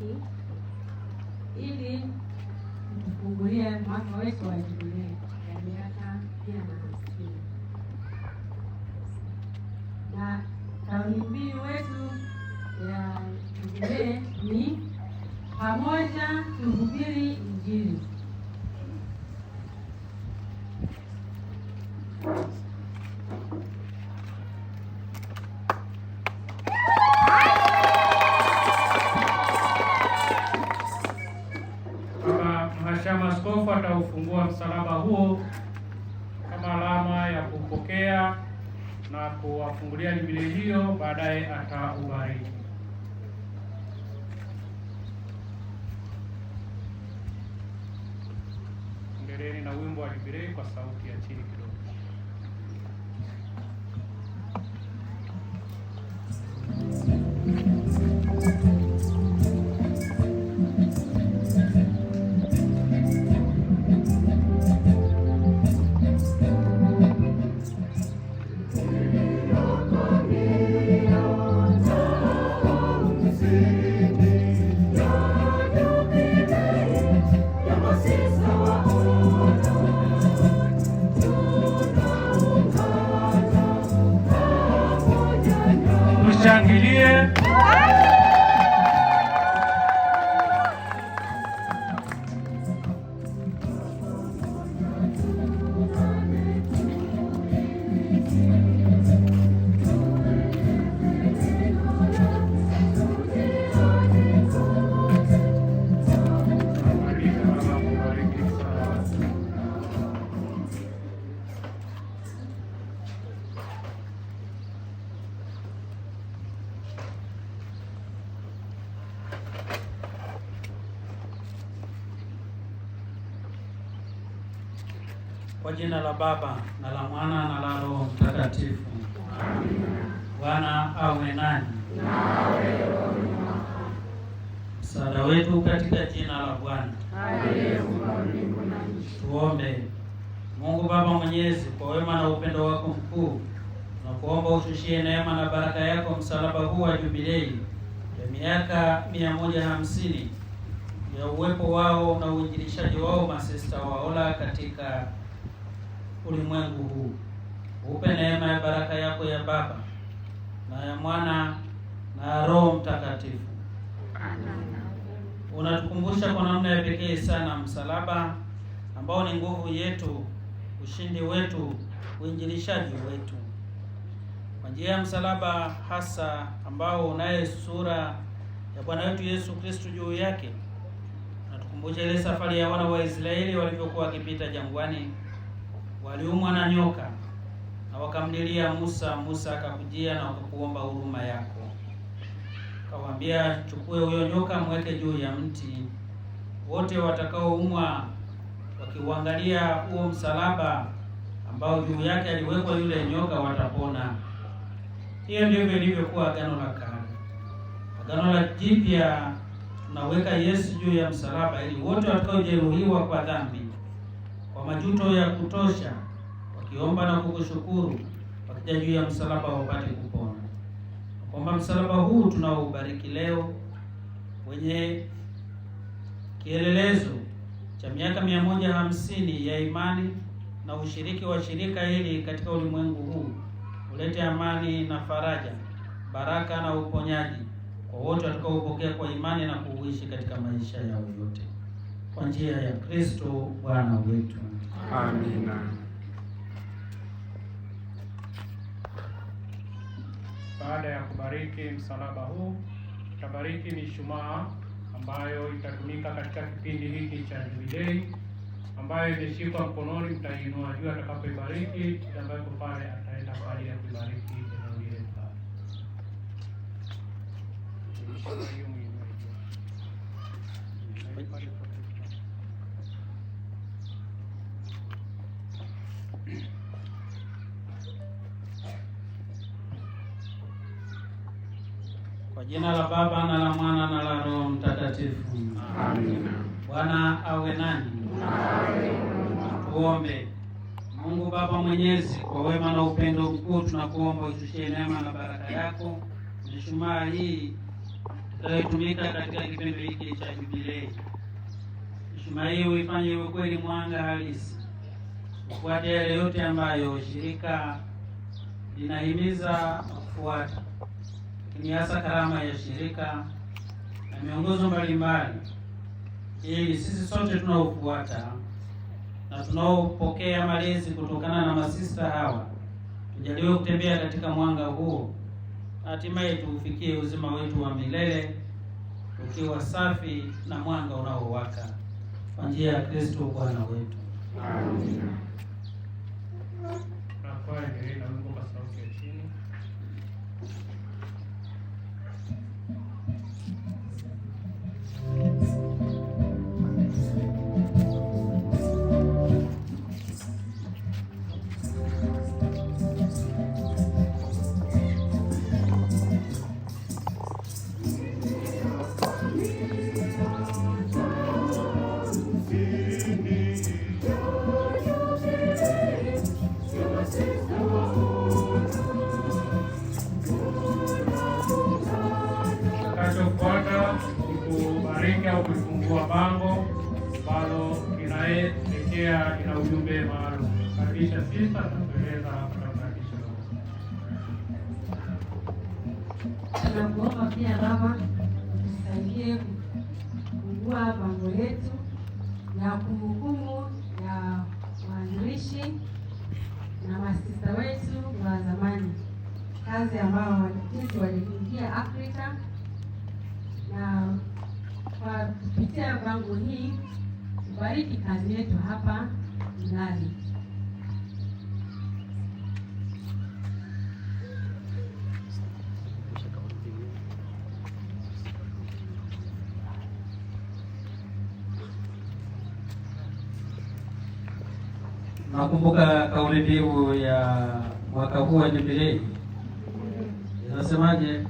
hiki ili mtufungulie mwaka wetu wa jubilei ya miaka mia na hamsini na kauli mbiu wetu ya jubilei ni pamoja tuhubiri Injili. Maaskofu ataufungua msalaba huo kama alama ya kupokea na kuwafungulia Biblia hiyo, baadaye ataubariki. Endeleeni na wimbo wa Jubilei kwa sauti ya chini kidogo. Hoşça geliyor. jina la Baba na la Mwana na la Roho Mtakatifu. Bwana awe nani. Msaada wetu katika jina la Bwana. Tuombe. Mungu Baba Mwenyezi, kwa wema na upendo wako mkuu, tunakuomba ushushie neema na baraka yako msalaba huu wa jubilei ya miaka mia moja hamsini ya uwepo wao na uinjilishaji wao masista waola katika ulimwengu huu. Upe neema ya baraka yako ya Baba na ya Mwana na ya Roho Mtakatifu. Unatukumbusha kwa namna ya pekee sana msalaba ambao ni nguvu yetu, ushindi wetu, uinjilishaji wetu. Kwa njia ya msalaba hasa ambao unaye sura ya Bwana wetu Yesu Kristo juu yake, unatukumbusha ile safari ya wana wa Israeli walivyokuwa wakipita jangwani waliumwa na nyoka na wakamlilia Musa. Musa akakujia na kukuomba huruma yako, kawaambia, chukue huyo nyoka mweke juu ya mti, wote watakaoumwa wakiuangalia huo msalaba ambao juu yake aliwekwa yule nyoka watapona. Hiyo ndivyo ilivyokuwa Agano la Kale. Agano la Jipya tunaweka Yesu juu ya msalaba ili wote watakaojeruhiwa kwa dhambi kwa majuto ya kutosha, wakiomba na kukushukuru, wakija juu ya msalaba wapate kupona. Kwamba msalaba huu tunaoubariki leo wenye kielelezo cha miaka mia moja hamsini ya imani na ushiriki wa shirika hili katika ulimwengu huu ulete amani na faraja, baraka na uponyaji kwa wote watakaopokea kwa imani na kuuishi katika maisha yao yote kwa njia ya Kristo Bwana wetu. Amina. Baada ya kubariki msalaba huu, tabariki mishumaa ambayo itatumika katika kipindi hiki cha Jubilei ambayo imeshikwa mkononi, mtainua juu atakapoibariki, ambayo pale ataenda kwa ajili ya kuibariki. Kwa jina la Baba na la Mwana na la Roho Mtakatifu. Amina. Bwana awe nani. Tuombe. Mungu Baba Mwenyezi, kwa wema na upendo mkuu, tunakuomba ushushie neema na baraka yako mishumaa hii itakayotumika katika kipindi hiki cha Jubilei. Mishumaa hii uifanye iwe kweli mwanga halisi, ufuate yale yote ambayo shirika linahimiza kufuata lakini karama ya shirika na miongozo mbalimbali, ili sisi sote tunaofuata na tunaopokea malezi kutokana na masista hawa tujaliwe kutembea katika mwanga huo, hatimaye tuufikie uzima wetu wa milele tukiwa safi na mwanga unaowaka kwa njia ya Kristo Bwana wetu Amina. Tunakuomba pia mama, tusaidie kufungua bango letu na kumbukumbu ya waanzilishi na masista wetu wa zamani, kazi ambayo sisi waliingia Afrika na kwa kupitia bango hii, tubariki kazi yetu hapa Mlali. Nakumbuka kauli mbiu ya mwaka huu wa Jubilei inasemaje?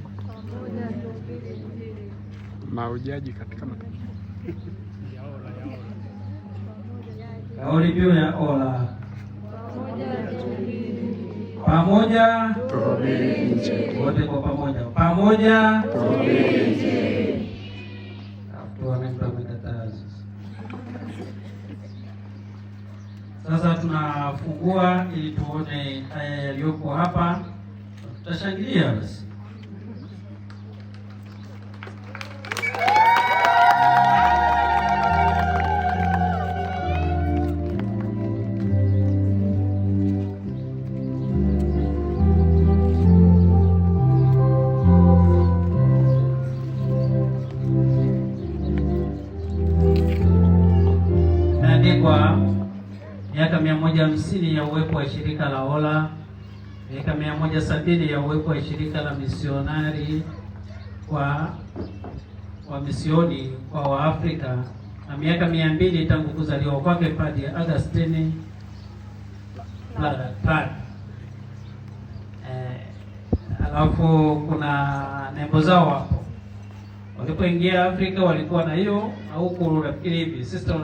Maujaji katika Kauli mbiu ya ola pamoja, wote kwa pamoja, pamoja, pamoja. kufungua ili tuone haya yaliyoko hapa, tutashangilia basi. tisini ya uwepo wa shirika la Ola, miaka mia moja sabini ya uwepo wa shirika la misionari kwa wa misioni kwa Waafrika na miaka mia mbili tangu kuzaliwa kwake Padre Augustine Pad. Eh, alafu kuna nembo zao hapo, walipoingia Afrika walikuwa na hiyo au kunafikiri hivi sister